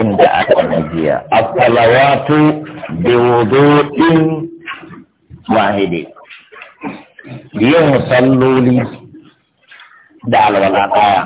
inda aka najiya as-salawatu bi wudu'in wahidi yin salloli da alwala daya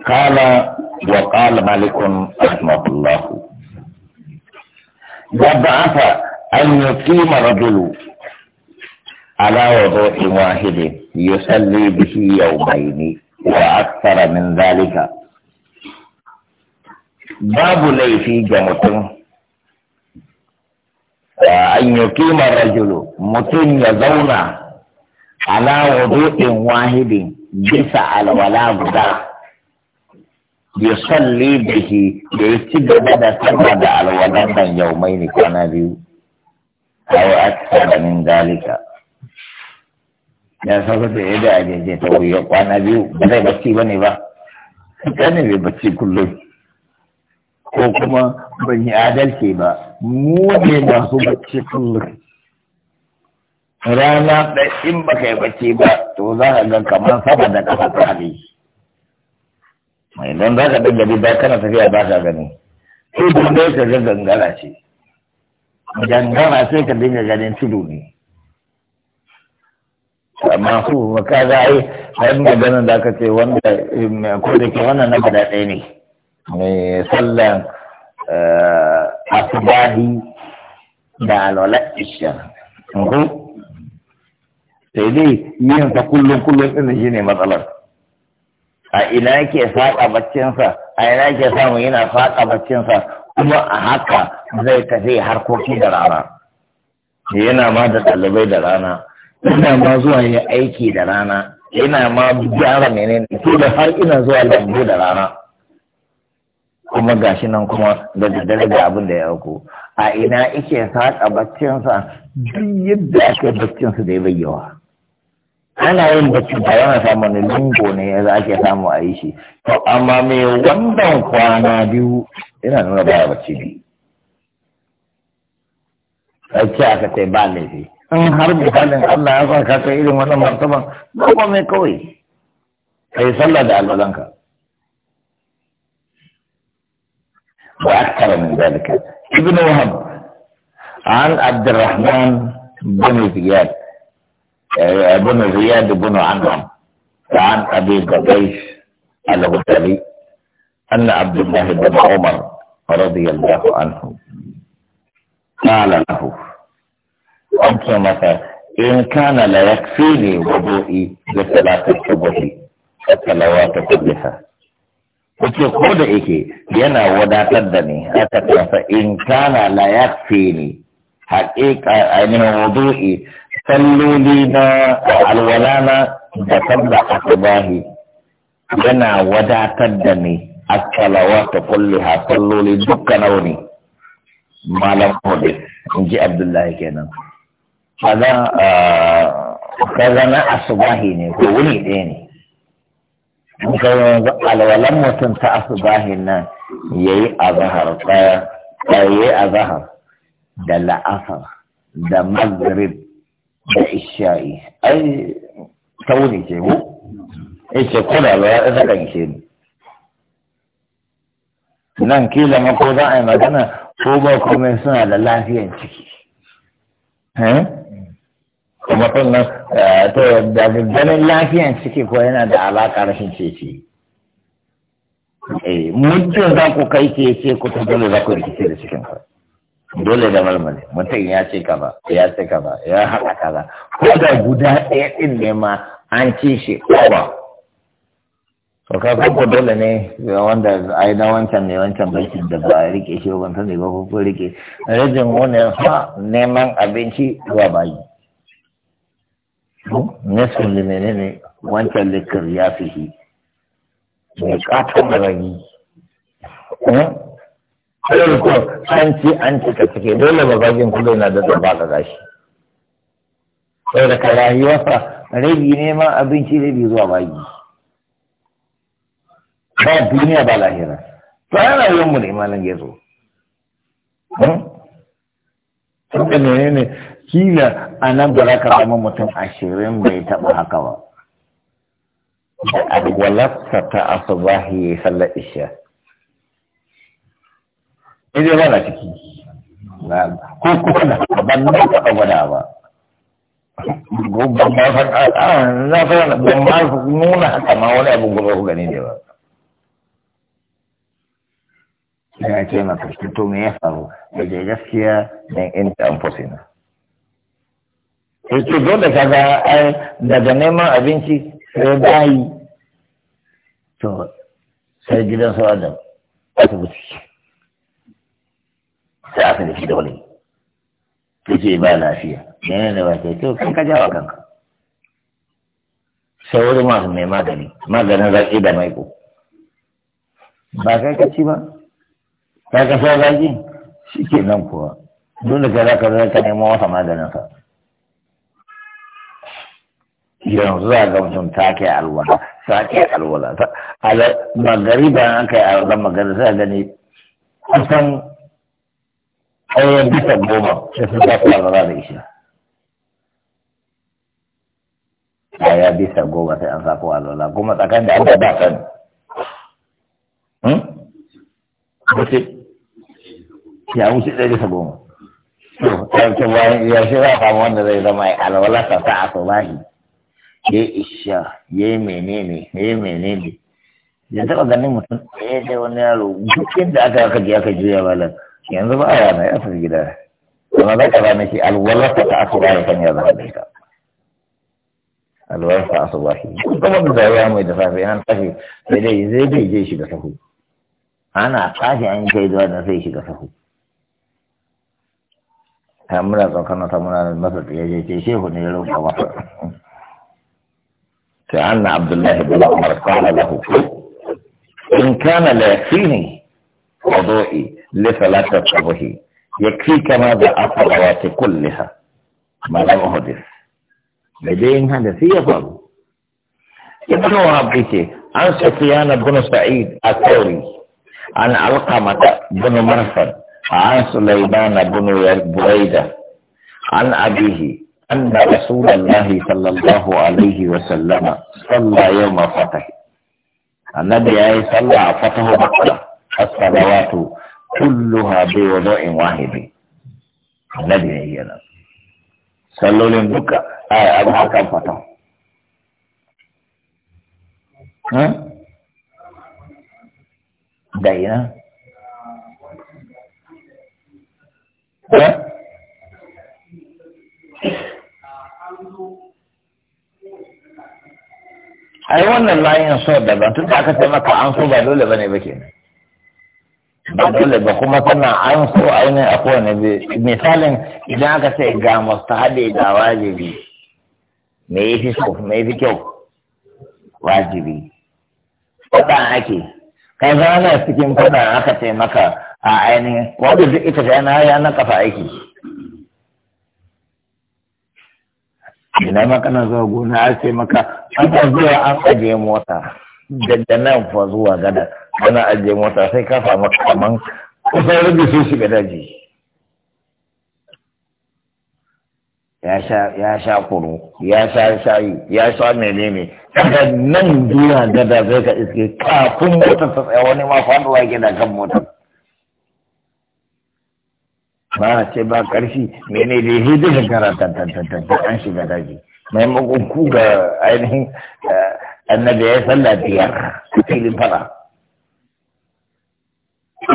قال وقال مالك رحمه الله وبعث أن يقيم رجل على وضوء واحد يصلي به يومين واكثر من ذلك باب لي في جمتم ان يقيم الرجل متن يزونا على وضوء واحد جس على ولا بدا يصلي به يستجب بدا سبدا على ولا يومين كان او اكثر من ذلك ya sauka da ya da ajeje ta wuya kwana biyu ba zai bacci ba ne ba ne bai bacci kullum ko kuma ban yi adalci ba mu ne masu bacci kullum rana da in ba kai bacci ba to za ka ga kamar sama da kasa ta hali mai don za ka dinga bi ba kana tafiya ba ka gani ko dai ka ga gangara ce gangara sai ka dinga ganin tudu ne amma su ka ga ai har maganar da aka ce wanda eh, ko da ke wannan na gada ɗaya ne mai sallan eh, asibahi da alwala isha ko sai dai yin sa kullum kullum din shi ne matsalar a ina yake saka baccinsa a ina yake samu yana saka baccinsa kuma a haka zai tafi harkoki da rana yana ma da ɗalibai da rana ina ma zuwa yin aiki da rana ina ma gyara menene ko da har ina zuwa lambu da rana kuma gashi nan kuma da daddare ga abin da ya auku a ina ike saƙa baccinsa duk yadda aka yi baccinsa da ya bayyawa ana yin bacci ba yana samun ne ne ya za ake samu a yi shi to amma me wannan kwana biyu ina nuna baya bacci biyu. ce aka ce ba laifi in har misalin Allah ya saka ka irin wannan martaban ba ba mai kawai kai sallah da alwalanka wa akthara min dalika ibn wahab an abdurrahman bin ziyad ibn ziyad ibn anam عن ابي قبيس الغزالي ان عبد الله بن عمر رضي الله عنه قال له an ce masa in kana la yakfini wudu'i da salatul subuhi salawatu kullaha Wace ko da yake yana wadatar da ni aka tafa in kana la yakfini haƙiƙa ainihin wudu'i salloli na alwalana da sabda asubahi yana wadatar da ni as-salawatu kullaha salloli dukkan nauni malam Hodis in ji Abdullahi kenan kaza ah, kaza na asubahi ne ko wuni ɗaya ne alwalan mutum ta asubahi nan ya yi azahar ɗaya azahar da la'asar da maghrib da isha'i ai ta wuni ke ku ce kuna ba ya ɗaga ke ni nan kila ma ko za a yi magana ko ba kuma suna da lafiyan ciki eh? kuma nan eh, to da ganin lafiyan ciki ko yana da alaƙa rashin ceci eh, muddin za ku kai ke ce ku ta dole za ku rikice da cikin ka dole da malmale mutum ya ce ka ba ya ce ka ba ya haɗa ka ba ko da guda ɗaya ɗin ne ma an ci shi kowa to ka ko dole ne wanda ai na wancan ne wancan bankin da ba rike shi ban ne ba ko rike rajin wannan ha neman abinci zuwa bayi ne limene ne wancan likar ya fi shi mai katon rani kawai ko an ci an cika cike dole babagin kudu na da zaba ga gashi sau da ka rayuwarsa rabi ne ma abinci rabi zuwa bagi ba duniya ba lahira bayan rayuwarmu ne malin ya zo sun da kila a nan ba za ka zama mutum ashirin bai taɓa haka ba da alwalarsa ta shi ya sallar isha Ni zai bana ciki ko kuma na ban na taɓa gwada ba gobban mafan fa na fa na ban ba nuna haka ma wani abin gobe ku gani ne ba Ina ce ce maka to me ya faru da gaskiya don in ta yake dole ka ai daga neman abinci sai bayi to sai gidan su adam asibiti sai aka da shi da wani yake ba lafiya yana da wata to kan ka jawa kanka sai wani masu mai magani maganin zaƙi da maiko ba kai ka ci ba ka ka sa zaki shi ke nan kuwa dole ka za ka zai ka nemo wasa maganin sa yanzu za ga mutum ta ke alwala ta ke alwala ta magari ba an kai alwala magari za gani kusan ɗayan bisa goma sai sun ta fi alwala da isha ɗaya bisa goma sai an sako alwala kuma tsakanin da Allah ba sani hmm? wuce ya wuce ɗaya bisa goma to ɗaya ce ya shi za a samu wanda zai zama alwala ta ta a sobahi ke isha ya menene ya menene ya taɓa ganin mutum ɗaya da wani yaro duk yadda aka aka je aka juya malam yanzu ba a yana ya tafi gida kuma za ka na shi alwalarsa ta ba ya kan ya ka da ita alwalarsa ba shi kuma da yi mai da safe an tafi sai dai zai bai je shiga sahu ana tafi an kai zuwa na sai shiga sahu ta muna tsokana ta muna masa tsaye ce shehu ne ya a wasu. كأن عبد الله بن عمر قال له إن كان لا يكفيني وضوئي لثلاثة صبه يكفيك ماذا الصلوات كلها ما لم أهدف بدين هذا في يضل ابن وهب عن سفيان بن سعيد الثوري عن علقمة بن مرفد عن سليمان بن بريدة عن أبيه أن رسول الله صلى الله عليه وسلم صلى يوم فتح النبي أي صلى فتح مكة الصلوات كلها بوضوء واحد النبي أي صلوا لمكة آه أبو حكم فتح ها دينا ها yi wannan layin so daban tun da aka ce maka an so ba dole ba ne ba kenan ba dole ba kuma tana an so ainihin a kowane misalin idan aka ce ga haɗe ga wajibi me yi fi so me ya fi kyau wajibi faɗa ake kai zana cikin faɗa aka ce maka a ainihin wajibi ita ta yana ya na kafa aiki ina ma kana zuwa gona a ce maka an ka zuwa an ajiye mota daga nan fa zuwa gada ana ajiye mota sai ka samu kaman kusan rubi sun shiga daji ya sha kuru ya sha shayi ya sha ne daga nan duniya gada sai ka iske kafin mota ta tsaya wani ma faduwa ke da kan mota. ba a ce ba ƙarfi mene da ya da gara tantantantantan an shiga daji maimakon ku ga ainihin eh, annabi ya sallah biyar a filin fara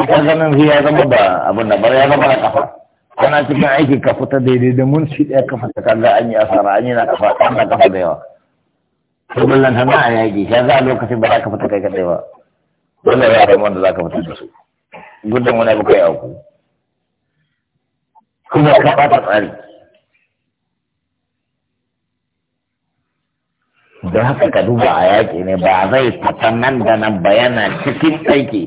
ita ganin ya zama ba abin da bar ya zama na kafa kana cikin aiki ka fita daidai da mun shi ɗaya kafa ta kalla an yi asara an yi na kafa an na kafa da yawa to ballan tana a yaki ya za a lokacin ba za ka fita kai kadai ba dole ya zama wanda za ka fita da su gudun wani abu kai ku. kuma ka fata tsari da haka ka duba a yaƙi ne ba zai fata nan da nan ba yana cikin aiki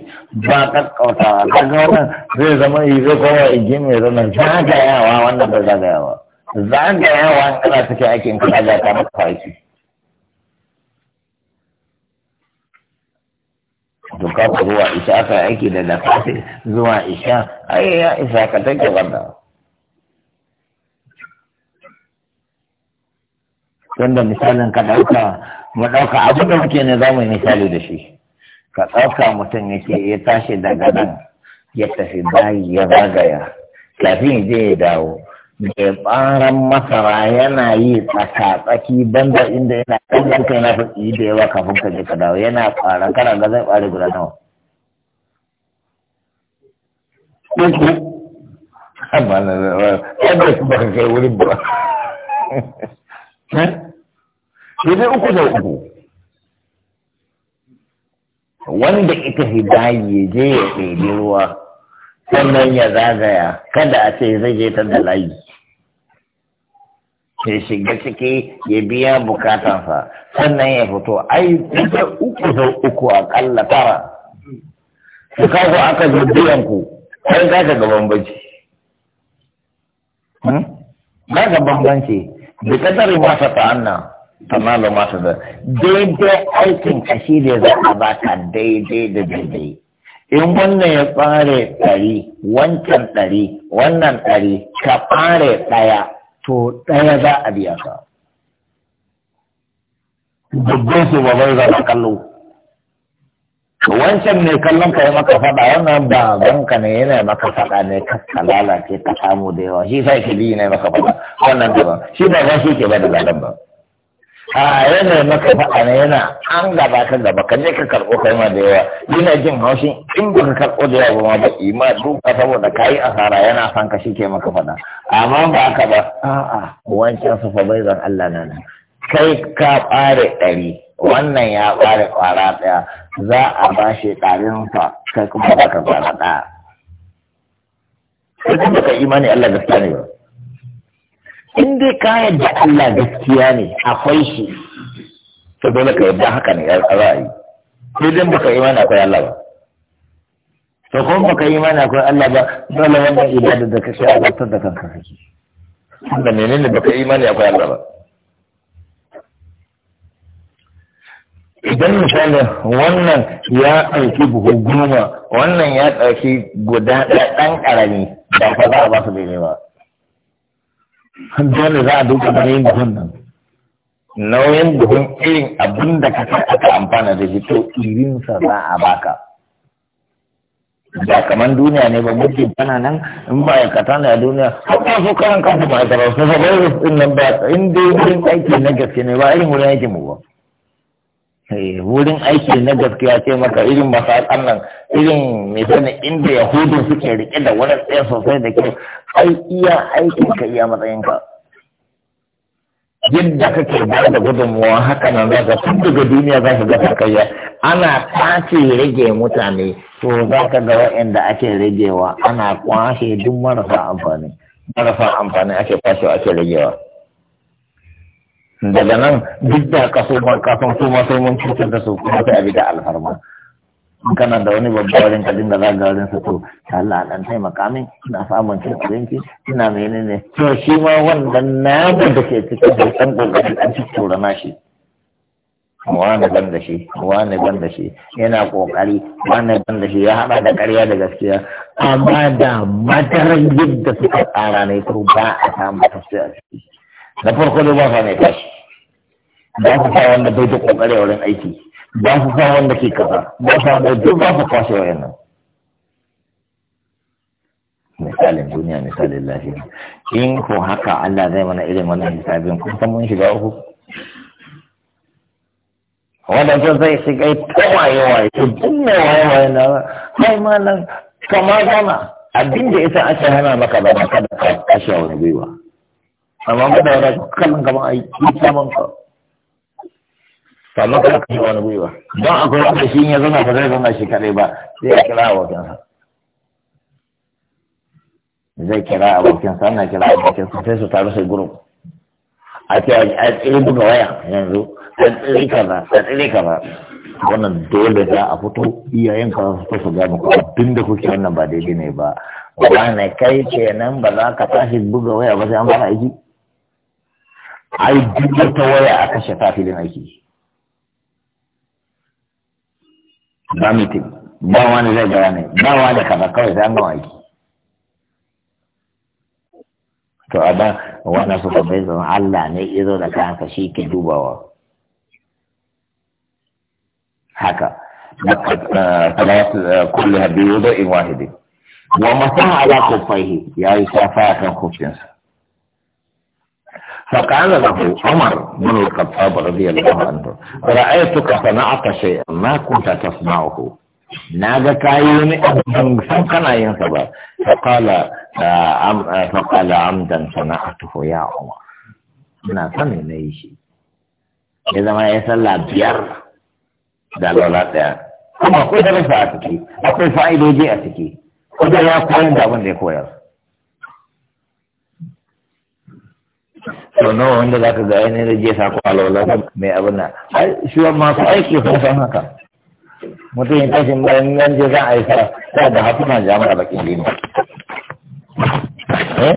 ba kakkautawa ga wannan zai zama yi zai kowa igi mai zama zagayawa wannan ba zagayawa zagayawa kana suke aikin ka zaga ka maka aiki duka ruwa isa isha aka aiki da da zuwa isha ai ya isa ka take wannan wanda misalin ka ɗauka mu ɗauka abin da muke ne zamu yi misali da shi ka ɗauka mutum yake ya tashi daga nan ya tafi bayi ya zagaya kafin ya je ya dawo mai ɓaran masara yana yi tsaka-tsaki banda inda yana ɗanɗan kai na fi da yawa kafin ka je ka dawo yana ƙwara kana ga zai ƙware guda nawa. na zai ba ka kai wurin ba. sai uku da uku wanda ita hidaye je ya ɗebi ruwa sannan ya zagaya kada a ce zai je ta da layi ya shiga ciki ya biya bukatansa sannan ya fito ai da uku da uku akalla tara su kawo aka zo biyan ku sai za ka gaban bambanci hmm? za ka bambanci da kadari ma ta ta'anna tamalu masu da daidai aikin kashi da za a baka daidai da daidai in wannan ya fare ɗari wancan ɗari wannan ɗari ka fare ɗaya to ɗaya za a biya ka dubban su ba bai zama kallo wancan ne kallon ka yi maka faɗa wannan ba ka ne yana maka faɗa ne ka lalace ka samu da yawa shi sai ke biyu ne maka faɗa wannan ba. shi ba zan shi ke ba da ba a yana maka na yana an gaba ka gaba ka ka karɓo kai ma da yawa yana jin haushin in ba ka karɓo da yawa ba ba ima duka saboda ka yi asara yana san ka shi ke maka faɗa amma ba haka ba a'a wancan su fa bai zan Allah na kai ka ɓare ɗari wannan ya ɓare ƙwara ɗaya za a ba shi sa kai kuma ba ka fara ɗaya. Sai kuma ka imani Allah gaskiya ne ba. in dai ka yadda Allah gaskiya ne akwai shi to dole ka yadda haka ne ra'ayi sai dan baka imani akwai Allah ba to kuma baka imani akwai Allah ba dole wannan ibada da ka sha Allah da kanka kake da menene baka imani akwai Allah ba idan misali wannan ya ɗauki buhu goma wannan ya ɗauki guda ɗaya ɗan ƙarami ba fa za a ba su daidai ba dole za a duka nauyin buhun nan nauyin buhun irin abin da ka san aka amfana da shi to sa za a baka ba kamar duniya ne ba mutum tana nan in ba ya kata na duniya har ba su karan kansu ba ya tarar ba in nan ba in dai wurin aiki na gaske ne ba irin wurin aikin mu ba Eh, wurin aiki na gaskiya ce maka irin masu nan irin mai sani inda yahudun suke rike da wani tsaye sosai da kyau ai iya aikin ka iya matsayin ka yadda kake ba da gudunmuwa haka nan za ka tun daga duniya za ka ga takayya ana tace rage mutane to za ka ga wa'anda ake ragewa ana kwashe duk marasa amfani marasa amfani ake kwashewa ake ragewa daga nan duk da kaso kafin su ma sai mun cutar da su kuma sai a bi da alfarma kana da wani babban wurin ka dinga ga wurin su to Allah dan taimaka min ina samun cin abinci ina menene to shi ma wannan namu da ke cikin da san kokari an ci tura na shi wani ban da shi wani ban da shi yana kokari wani ban da shi ya haɗa da ƙarya da gaskiya amma da madarar yadda suka tsara ne ko ba a samu tafsir a na farko da ba sa mai tashi ba su sa wanda bai da kokare a wurin aiki ba su sa wanda ke kasa, ba sa da duk ba su kwashe yana misalin duniya misalin lafiya in ko haka Allah zai mana irin wannan hisabin kun san mun shiga uku wadanda zai shiga ta waye waye to dinne waye waye na kai malam kama gama abin da isa aka hana maka ba ka da kashe wani gwiwa amma ba da wani kallon kamar a yi saman ka to amma ne kashe wani gwiwa don akwai wanda shi ya zana ba zai zana shi kare ba sai ya kira abokinsa zai kira abokinsa ana kira abokinsa sai su taru sai gurup a ce a tsiri buga waya yanzu a tsiri kaza a tsiri kaza wannan dole za a fito iyayen ka su su gano ko abin da kuke wannan ba daidai ne ba wani kai kenan ba za ka tashi buga waya ba sai an fara aiki ai duk ta waya aka shafa ta filin aiki ba mitin ba wani zai gaya ne ba wani kaza kawai zan gama aiki to a da wannan suka bai zama Allah ne izo da ka kansa shi ke dubawa haka kulle habi yuzo in wahidi wa masa ala kufaihi ya yi shafa kan kufinsa فقال له عمر بن الخطاب رضي الله عنه رأيتك صنعت شيئا ما كنت تصنعه نادى كاين فقنا ينصب فقال فقال عمدا صنعته يا عمر ina son na yi shi ya zama ya sallah biyar da lola ɗaya kuma akwai darasa a ciki akwai fa'idoji a ciki kuma ya koyar da abin da ya koyar to nawa wanda za ka ga ainihin da je sako alwala mai abin nan shi wa masu aiki sun san haka mutum ya tashi bayan yanzu za a yi sa da na jami'a bakin dini